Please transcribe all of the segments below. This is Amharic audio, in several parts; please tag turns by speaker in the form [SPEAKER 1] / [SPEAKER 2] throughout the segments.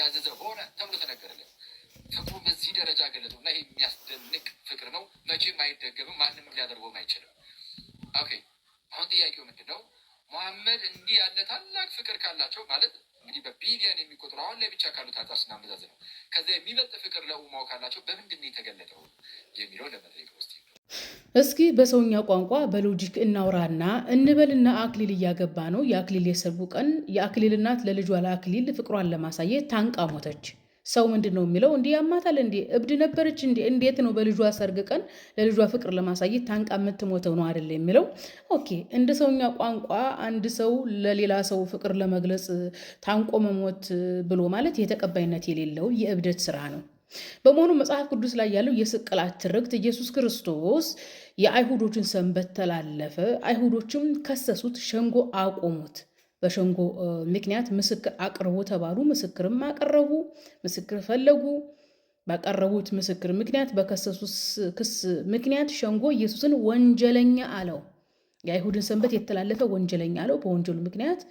[SPEAKER 1] የታዘዘ ሆነ ተብሎ ተነገረለት። ፍቅሩ በዚህ ደረጃ ገለጡ እና ይሄ የሚያስደንቅ ፍቅር ነው። መቼም አይደገምም፣ ማንም ሊያደርገውም አይችልም። ኦኬ አሁን ጥያቄው ምንድን ነው? መሐመድ እንዲህ ያለ ታላቅ ፍቅር ካላቸው ማለት እንግዲህ በቢሊየን የሚቆጥሩ አሁን ላይ ብቻ ካሉት አንጻር ስናመዛዝ ነው። ከዚያ የሚበልጥ ፍቅር ለኡማው ካላቸው በምንድን ነው የተገለጠው የሚለው ለመጠየቅ ውስጥ እስኪ በሰውኛ ቋንቋ በሎጂክ እናውራና እንበልና አክሊል እያገባ ነው። የአክሊል የሰርጉ ቀን የአክሊል እናት ለልጇ ለአክሊል ፍቅሯን ለማሳየት ታንቃ ሞተች። ሰው ምንድን ነው የሚለው? እንዲህ ያማታል እንዴ? እብድ ነበረች እንዴ? እንዴት ነው በልጇ ሰርግ ቀን ለልጇ ፍቅር ለማሳየት ታንቃ የምትሞተው ነው አይደለ የሚለው። ኦኬ፣ እንደ ሰውኛ ቋንቋ አንድ ሰው ለሌላ ሰው ፍቅር ለመግለጽ ታንቆ መሞት ብሎ ማለት የተቀባይነት የሌለው የእብደት ስራ ነው። በመሆኑ መጽሐፍ ቅዱስ ላይ ያለው የስቅላት ትርክት ኢየሱስ ክርስቶስ የአይሁዶችን ሰንበት ተላለፈ፣ አይሁዶችም ከሰሱት፣ ሸንጎ አቆሙት። በሸንጎ ምክንያት ምስክር አቅርቦ ተባሉ። ምስክርም አቀረቡ፣ ምስክር ፈለጉ። ባቀረቡት ምስክር ምክንያት፣ በከሰሱት ክስ ምክንያት ሸንጎ ኢየሱስን ወንጀለኛ አለው። የአይሁድን ሰንበት የተላለፈ ወንጀለኛ አለው። በወንጀሉ ምክንያት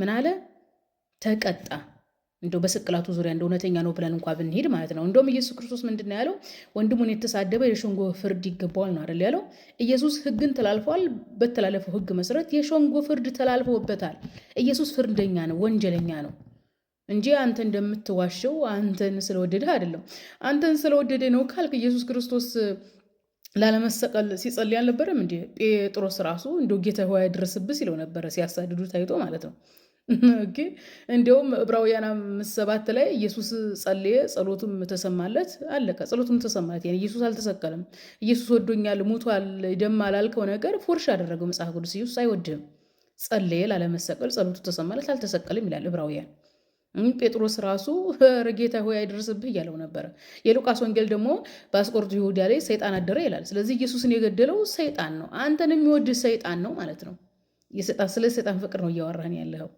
[SPEAKER 1] ምን አለ? ተቀጣ። እንደው በስቅላቱ ዙሪያ እንደ እውነተኛ ነው ብለን እንኳ ብንሄድ ማለት ነው። እንደውም ኢየሱስ ክርስቶስ ምንድን ነው ያለው? ወንድሙን የተሳደበ የሸንጎ ፍርድ ይገባዋል ነው አይደል ያለው? ኢየሱስ ሕግን ተላልፏል። በተላለፈው ሕግ መሰረት የሸንጎ ፍርድ ተላልፎበታል። ኢየሱስ ፍርደኛ ነው፣ ወንጀለኛ ነው እንጂ አንተ እንደምትዋሸው አንተን ስለወደደ አይደለም። አንተን ስለወደደ ነው ካልክ ኢየሱስ ክርስቶስ ላለመሰቀል ሲጸልይ አልነበረም እንዴ? ጴጥሮስ ራሱ እንደ ጌታ ሆይ ድረስብህ ሲለው ነበረ ሲያሳድዱ ታይቶ ማለት ነው። ኦኬ እንዲያውም ዕብራውያን አምስት ሰባት ላይ ኢየሱስ ጸልየ ጸሎቱም ተሰማለት። አለቀ። ጸሎቱም ተሰማለት። ያኔ ኢየሱስ አልተሰቀለም። ኢየሱስ ወዶኛል፣ ሙቷል፣ ደማ ላልከው ነገር ፎርሽ ያደረገው መጽሐፍ ቅዱስ። ኢየሱስ አይወድህም ጸልየ ላለመሰቀል፣ ጸሎቱ ተሰማለት፣ አልተሰቀልም ይላል ዕብራውያን። ጴጥሮስ ራሱ ረጌታ ሆይ አይደርስብህ እያለው ነበረ። የሉቃስ ወንጌል ደግሞ በአስቆሮቱ ይሁዳ ላይ ሰይጣን አደረ ይላል። ስለዚህ ኢየሱስን የገደለው ሰይጣን ነው። አንተን የሚወድህ ሰይጣን ነው ማለት ነው። ስለ ሰይጣን ፍቅር ነው እያወራን ያለው።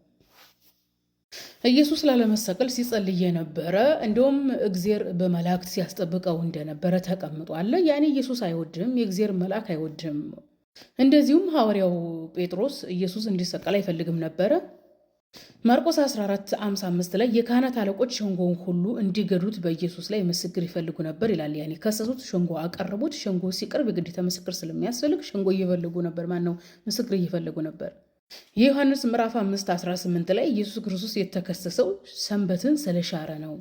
[SPEAKER 1] ኢየሱስ ላለመሰቀል ሲጸልይ የነበረ እንዲሁም እግዜር በመላእክት ሲያስጠብቀው እንደነበረ ተቀምጧል። ያኔ ኢየሱስ አይወድም፣ የእግዜር መልአክ አይወድም። እንደዚሁም ሐዋርያው ጴጥሮስ ኢየሱስ እንዲሰቀል አይፈልግም ነበረ። ማርቆስ 14:55 ላይ የካህናት አለቆች ሸንጎውን ሁሉ እንዲገዱት በኢየሱስ ላይ ምስክር ይፈልጉ ነበር ይላል። ያኔ ከሰሱት፣ ሸንጎ አቀረቡት። ሸንጎ ሲቀርብ የግዴታ ምስክር ስለሚያስፈልግ ሸንጎ እየፈለጉ ነበር። ማነው ምስክር እየፈለጉ ነበር። የዮሐንስ ምዕራፍ 5 18 ላይ ኢየሱስ ክርስቶስ የተከሰሰው ሰንበትን ስለሻረ ነው።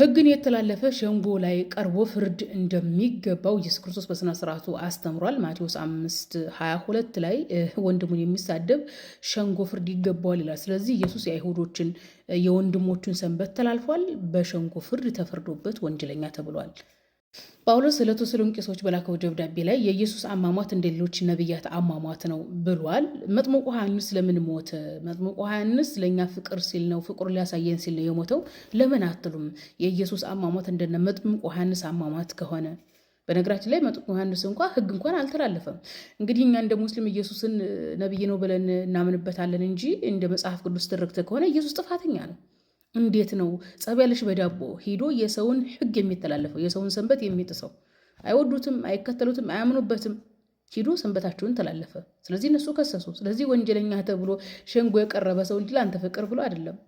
[SPEAKER 1] ሕግን የተላለፈ ሸንጎ ላይ ቀርቦ ፍርድ እንደሚገባው ኢየሱስ ክርስቶስ በሥነ ሥርዓቱ አስተምሯል። ማቴዎስ 5 22 ላይ ወንድሙን የሚሳደብ ሸንጎ ፍርድ ይገባዋል ይላል። ስለዚህ ኢየሱስ የአይሁዶችን የወንድሞቹን ሰንበት ተላልፏል፣ በሸንጎ ፍርድ ተፈርዶበት ወንጀለኛ ተብሏል። ጳውሎስ ለተሰሎንቄሶች በላከው ደብዳቤ ላይ የኢየሱስ አሟሟት እንደ ሌሎች ነቢያት አሟሟት ነው ብሏል። መጥምቁ ዮሐንስ ለምን ሞተ? መጥምቁ ዮሐንስ ለእኛ ፍቅር ሲል ነው፣ ፍቅሩ ሊያሳየን ሲል ነው የሞተው ለምን አትሉም? የኢየሱስ አሟሟት እንደነ መጥምቁ ዮሐንስ አሟሟት ከሆነ በነገራችን ላይ መጥምቁ ዮሐንስ እንኳ ህግ እንኳን አልተላለፈም። እንግዲህ እኛ እንደ ሙስሊም ኢየሱስን ነቢይ ነው ብለን እናምንበታለን እንጂ እንደ መጽሐፍ ቅዱስ ትርክት ከሆነ ኢየሱስ ጥፋተኛ ነው። እንዴት ነው ጸብ ያለሽ በዳቦ ሄዶ የሰውን ህግ የሚተላለፈው የሰውን ሰንበት የሚጥሰው? አይወዱትም፣ አይከተሉትም፣ አያምኑበትም። ሂዶ ሰንበታችሁን ተላለፈ። ስለዚህ እነሱ ከሰሱ። ስለዚህ ወንጀለኛ ተብሎ ሸንጎ የቀረበ ሰው እንጂ ለአንተ ፍቅር ብሎ አይደለም።